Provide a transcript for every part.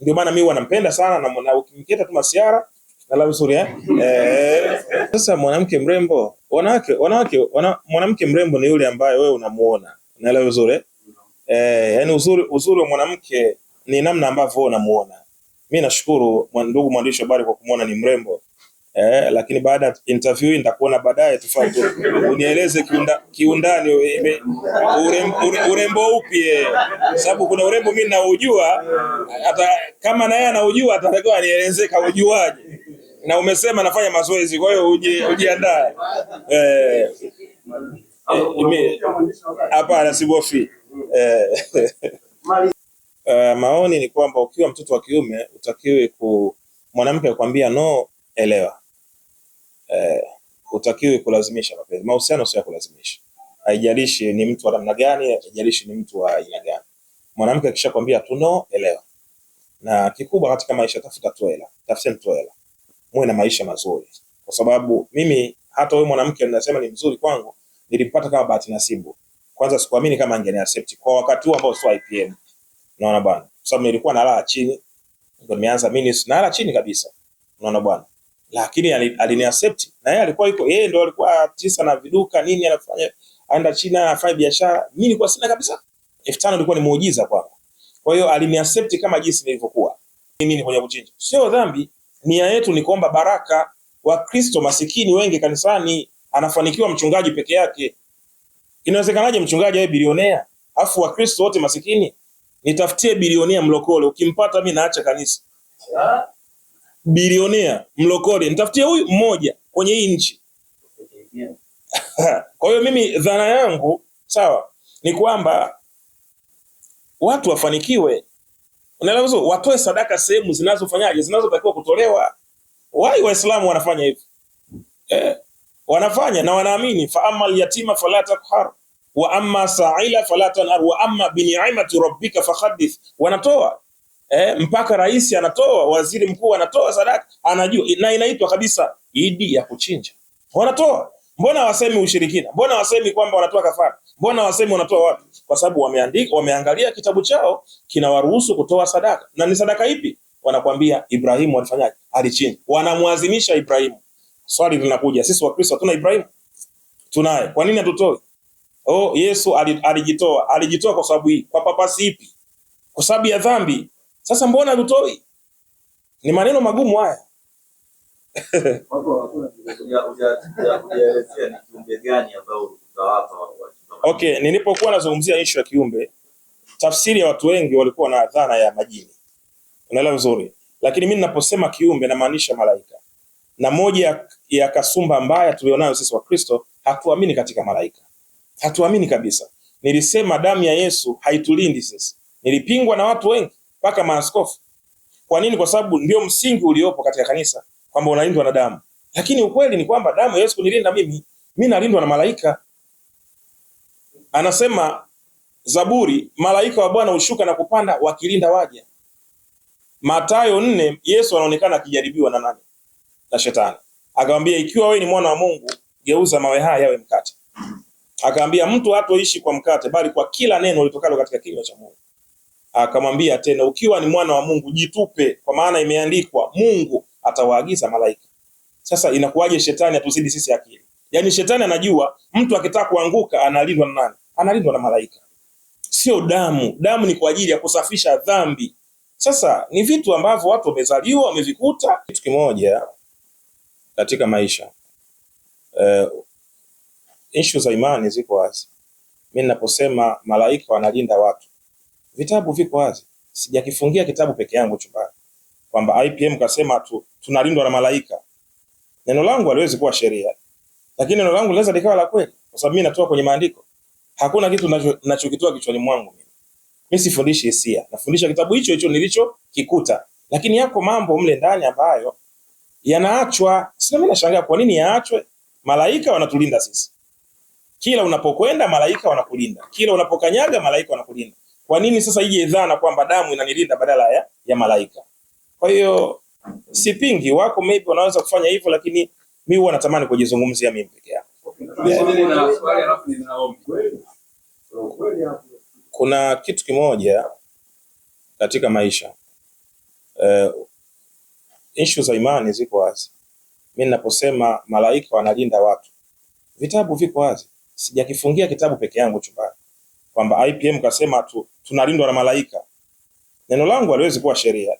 Ndio maana mimi wanampenda sana na ukimketa tu masiara na la vizuri eh? eh. Sasa mwanamke mrembo, wanawake wanawake, mwanamke mrembo ni yule ambaye wewe unamuona na la vizuri eh. eh yani uzuri uzuri wa mwanamke ni namna ambavyo unamuona. Mimi nashukuru ndugu mwandishi habari kwa kumuona ni mrembo eh, lakini baada ya interview hii nitakuona baadaye, tufanye unieleze kiunda, kiundani ime, ure, urembo upi eh, sababu kuna urembo mimi naujua, hata kama na yeye anaujua atatakiwa anieleze kaujuaje, na umesema nafanya mazoezi, kwa hiyo ujiandae eh, eh hapana, sibofi eh, Uh, maoni ni kwamba ukiwa mtoto wa kiume utakiwe ku mwanamke akwambia no, elewa eh, hutakiwi kulazimisha mapenzi. Mahusiano sio ya kulazimisha, haijalishi ni mtu wa namna gani, haijalishi ni mtu wa aina gani. Mwanamke akishakwambia tu no, elewa. Na kikubwa katika maisha, tafuta tu hela, tafuteni tu hela, muwe na maisha mazuri, kwa sababu mimi hata wewe mwanamke ninasema ni mzuri kwangu, nilimpata kama bahati nasibu. Kwanza sikuamini kama angeni accept kwa wakati huo ambao sio IPM, unaona bwana, kwa sababu nilikuwa nalala chini, ndio nimeanza mimi nalala chini kabisa, unaona bwana lakini aliniaccept na yeye alikuwa yuko yeye ndo alikuwa tisa na viduka nini anafanya aenda China afanye biashara, mimi nilikuwa sina kabisa. elfu tano ilikuwa ni muujiza kwangu, kwa hiyo aliniaccept kama jinsi nilivyokuwa mimi. Ni kwenye kuchinja sio dhambi, nia yetu ni kuomba baraka. wa Kristo masikini wengi kanisani, anafanikiwa mchungaji peke yake. Inawezekanaje mchungaji awe bilionea afu wa Kristo wote masikini? Nitafutie bilionea mlokole, ukimpata mimi naacha kanisa ha? bilionea mlokole, nitafutie huyu mmoja kwenye hii nchi. Kwa hiyo mimi dhana yangu sawa, ni kwamba watu wafanikiwe, unaelewa watoe sadaka sehemu zinazofanyaje, zinazotakiwa kutolewa. Wai Waislamu wanafanya hivi eh, wanafanya na wanaamini, fa amma alyatima fala takhar wa amma sa'ila fala tanhar wa amma bi ni'mati rabbika fahaddith, wanatoa eh, mpaka rais anatoa, waziri mkuu anatoa sadaka, anajua na inaitwa kabisa idi ya kuchinja, wanatoa. Mbona wasemi ushirikina? Mbona wasemi kwamba wanatoa kafara? Mbona wasemi wanatoa wapi? Kwa sababu wameandika, wameangalia kitabu chao kinawaruhusu kutoa sadaka. Na ni sadaka ipi? Wanakwambia Ibrahimu alifanyaje? Alichinja. Wanamwazimisha Ibrahimu. Swali linakuja, sisi Wakristo hatuna Ibrahimu? Tunaye, kwa nini hatutoi? Oh, Yesu alijitoa. Alijitoa kwa sababu hii. Kwa papasi ipi? Kwa sababu ya dhambi. Sasa mbona lutoi? Ni maneno magumu haya. Okay, nilipokuwa nazungumzia issue ya kiumbe, tafsiri ya watu wengi walikuwa na dhana ya majini, unaelewa vizuri, lakini mimi ninaposema kiumbe namaanisha malaika, na moja ya kasumba mbaya tulionayo sisi wa Kristo, hatuamini katika malaika, hatuamini kabisa. Nilisema damu ya Yesu haitulindi sisi, nilipingwa na watu wengi mpaka maaskofu. Kwa nini? Kwa sababu ndio msingi uliopo katika kanisa kwamba unalindwa na damu, lakini ukweli ni kwamba damu ya Yesu kunilinda mimi, mimi nalindwa na malaika. Anasema Zaburi, malaika wa Bwana hushuka na kupanda wakilinda waja. Mathayo nne, Yesu anaonekana akijaribiwa na nani? Na shetani. Akamwambia, ikiwa wewe ni mwana wa Mungu, geuza mawe haya yawe mkate. Akamwambia, mtu hatoishi kwa mkate, bali kwa kila neno litokalo katika kinywa cha Mungu akamwambia tena, ukiwa ni mwana wa Mungu jitupe, kwa maana imeandikwa, Mungu atawaagiza malaika. Sasa inakuwaje shetani atuzidi sisi akili? Yaani shetani anajua mtu akitaka kuanguka analindwa na nani? Analindwa na malaika, sio damu. Damu ni kwa ajili ya kusafisha dhambi. Sasa ni vitu ambavyo watu wamezaliwa wamevikuta. Kitu kimoja katika maisha uh, ishu za imani ziko wazi. Mimi ninaposema malaika wanalinda watu vitabu viko wazi, sijakifungia kitabu peke yangu chumbani, kwamba IPM kasema tu, tunalindwa na malaika. Neno langu haliwezi kuwa sheria, lakini neno langu linaweza likawa la kweli, kwa sababu mimi natoa kwenye maandiko. Hakuna kitu ninachokitoa kichwani mwangu mimi. Mimi sifundishi hisia, nafundisha kitabu hicho hicho nilicho kikuta, lakini yako mambo mle ndani ambayo yanaachwa. Sina mimi, nashangaa kwa nini yaachwe. Malaika wanatulinda sisi, kila unapokwenda malaika wanakulinda, kila unapokanyaga malaika wanakulinda. Kwa nini sasa ije dhana kwamba damu inanilinda badala ya, ya malaika? Kwa hiyo sipingi, wako maybe wanaweza kufanya hivyo, lakini mimi huwa natamani kujizungumzia mimi peke yangu. Kuna kitu kimoja katika maisha uh, ishu za imani ziko wazi. Mi ninaposema malaika wanalinda watu, vitabu viko wazi, sijakifungia kitabu peke yangu chumbani kwamba IPM kasema tu, tunalindwa na malaika. Neno langu haliwezi kuwa sheria,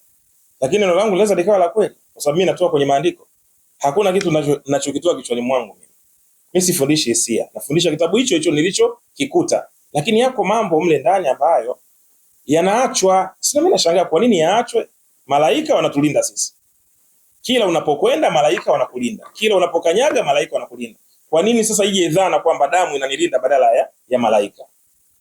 lakini neno langu linaweza likawa la kweli, kwa sababu mimi natoa kwenye maandiko. Hakuna kitu ninachokitoa kichwani mwangu mimi. Mimi sifundishi hisia, nafundisha kitabu hicho hicho nilicho kikuta, lakini yako mambo mle ndani ambayo yanaachwa. Sina mimi, nashangaa kwa nini yaachwe. Malaika wanatulinda sisi, kila unapokwenda malaika wanakulinda, kila unapokanyaga malaika wanakulinda. Kwa nini sasa ije dhana kwamba damu inanilinda badala ya, ya malaika?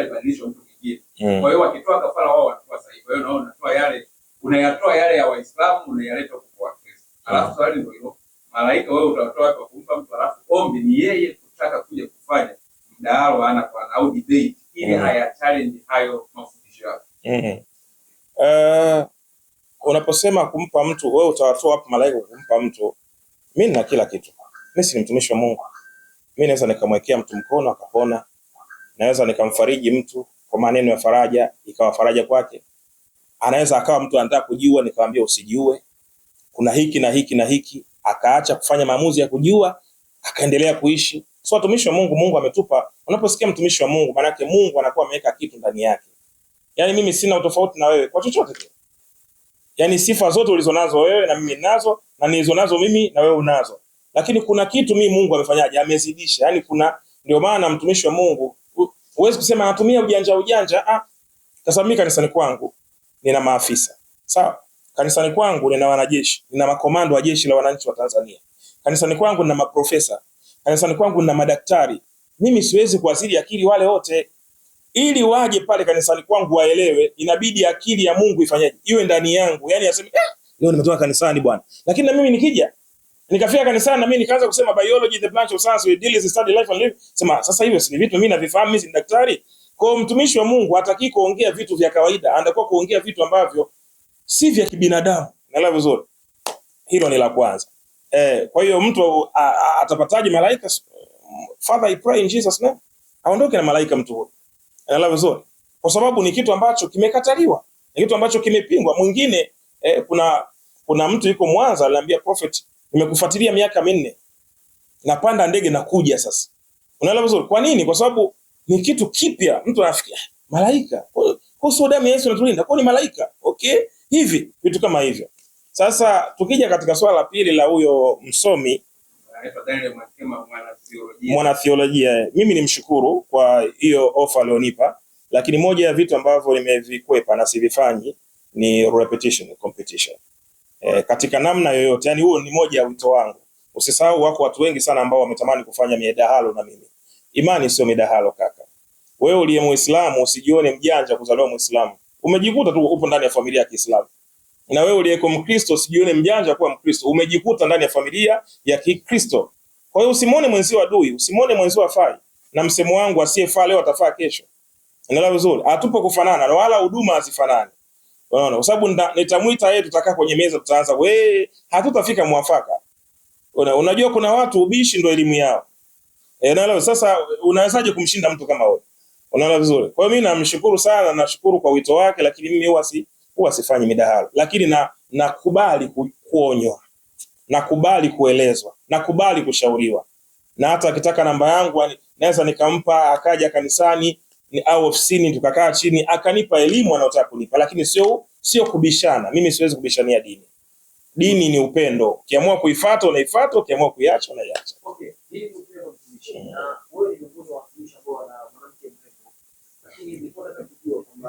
alibadilishwa mtu mwingine. Hmm. Kwa hiyo wakitoa kafara wao wanatoa sahihi. Kwa hiyo naona unatoa yale unayatoa yale ya Waislamu unayaleta kwa Wakristo. Alafu hmm. swali ndio hilo. Malaika wewe utatoa kwa kumpa mtu alafu ombi ni yeye kutaka kuja kufanya mdahalo ana kwa au debate ili hmm. haya challenge hayo mafundisho yao. Eh. Uh, unaposema kumpa mtu wewe utawatoa hapo malaika kumpa mtu, mimi nina kila kitu. Mimi si mtumishi wa Mungu. Mimi naweza nikamwekea mtu mkono akapona naweza nikamfariji mtu kwa maneno ya faraja, ikawa faraja kwake. Anaweza akawa mtu anataka kujiua, nikamwambia usijiue, kuna hiki na hiki na hiki, akaacha kufanya maamuzi ya kujiua, akaendelea kuishi. So watumishi wa Mungu, Mungu ametupa. Unaposikia mtumishi wa Mungu, maana yake Mungu anakuwa ameweka kitu ndani yake. Yani mimi sina utofauti na wewe kwa chochote kile. Yani sifa zote ulizonazo wewe na mimi nazo, na nilizonazo mimi na wewe unazo, lakini kuna kitu mimi Mungu amefanyaje? Amezidisha. Yani kuna ndio maana mtumishi wa Mungu Huwezi kusema natumia ujanja ujanja, ah, kwa sababu mimi kanisani kwangu nina maafisa. Sawa? Kanisani kwangu nina wanajeshi, nina makomando wa jeshi la wananchi wa Tanzania. Kanisani kwangu nina maprofesa. Kanisani kwangu nina madaktari. Mimi siwezi kuwazili akili wale wote. Ili waje pale kanisani kwangu waelewe, inabidi akili ya Mungu ifanyaje? Iwe ndani yangu. Yaani aseme, eh, leo nimetoka kanisani bwana. Lakini na mimi nikija Nikafika kanisani na mimi nikaanza kusema biology the branch of science we deal is study life and live. Sema sasa hivyo si vitu mimi navifahamu, mimi ni daktari. Kwa mtumishi wa Mungu hataki kuongea vitu vya kawaida, anataka kuongea vitu ambavyo si vya kibinadamu. Naelewa vizuri. Hilo ni la kwanza. Eh, kwa hiyo mtu atapataje malaika? Father I pray in Jesus name. Aondoke na malaika mtu huyo. Naelewa vizuri. Kwa sababu ni kitu ambacho kimekataliwa. Ni kitu ambacho kimepingwa. Mwingine eh, kuna kuna mtu yuko Mwanza aliambia prophet nimekufuatilia miaka minne, napanda ndege na kuja sasa. Unaelewa vizuri? Kwa nini? Kwa sababu ni kitu kipya, mtu anafikia ah, malaika, kwa sababu damu ya Yesu inatulinda, kwa ni malaika. Okay, hivi vitu kama hivyo. Sasa tukija katika swala la pili la huyo msomi mwanathiolojia, eh, mimi ni mshukuru kwa hiyo ofa alionipa, lakini moja ya vitu ambavyo nimevikwepa na sivifanyi ni repetition competition e, katika namna yoyote. Yani huo ni moja ya wito wangu. Usisahau wako watu wengi sana ambao wametamani kufanya midahalo na mimi. Imani sio midahalo kaka. Wewe uliye Muislamu usijione mjanja kuzaliwa Muislamu. Umejikuta tu upo ndani ya familia ya Kiislamu. Na wewe uliyeko Mkristo usijione mjanja kuwa Mkristo. Umejikuta ndani ya familia ya Kikristo. Kwa hiyo usimwone mwenzio adui, usimwone mwenzio afai. Na msemo wangu asiyefaa leo atafaa kesho. Unaelewa vizuri? Hatupo kufanana na wala huduma hazifanani. Unaona, kwa sababu nitamwita yeye, tutakaa kwenye meza, tutaanza we, hatutafika mwafaka. Una, unajua kuna watu ubishi ndio elimu yao e, naelewa. Sasa unawezaje kumshinda mtu kama wewe? Unaona vizuri. Kwa hiyo mimi namshukuru sana, nashukuru kwa wito wake, lakini mimi huwa si huwa sifanyi midahalo, lakini na nakubali ku, kuonywa, nakubali kuelezwa, nakubali kushauriwa, na hata akitaka namba yangu naweza nikampa, akaja kanisani au ofisini, tukakaa chini, akanipa elimu anayotaka kunipa, lakini sio sio kubishana. Mimi siwezi kubishania dini. Dini ni upendo, ukiamua kuifuata unaifuata, ukiamua kuiacha unaiacha. Okay.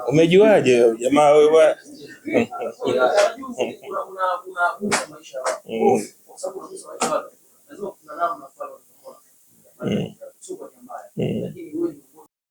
Umejuaje jamaa wewe?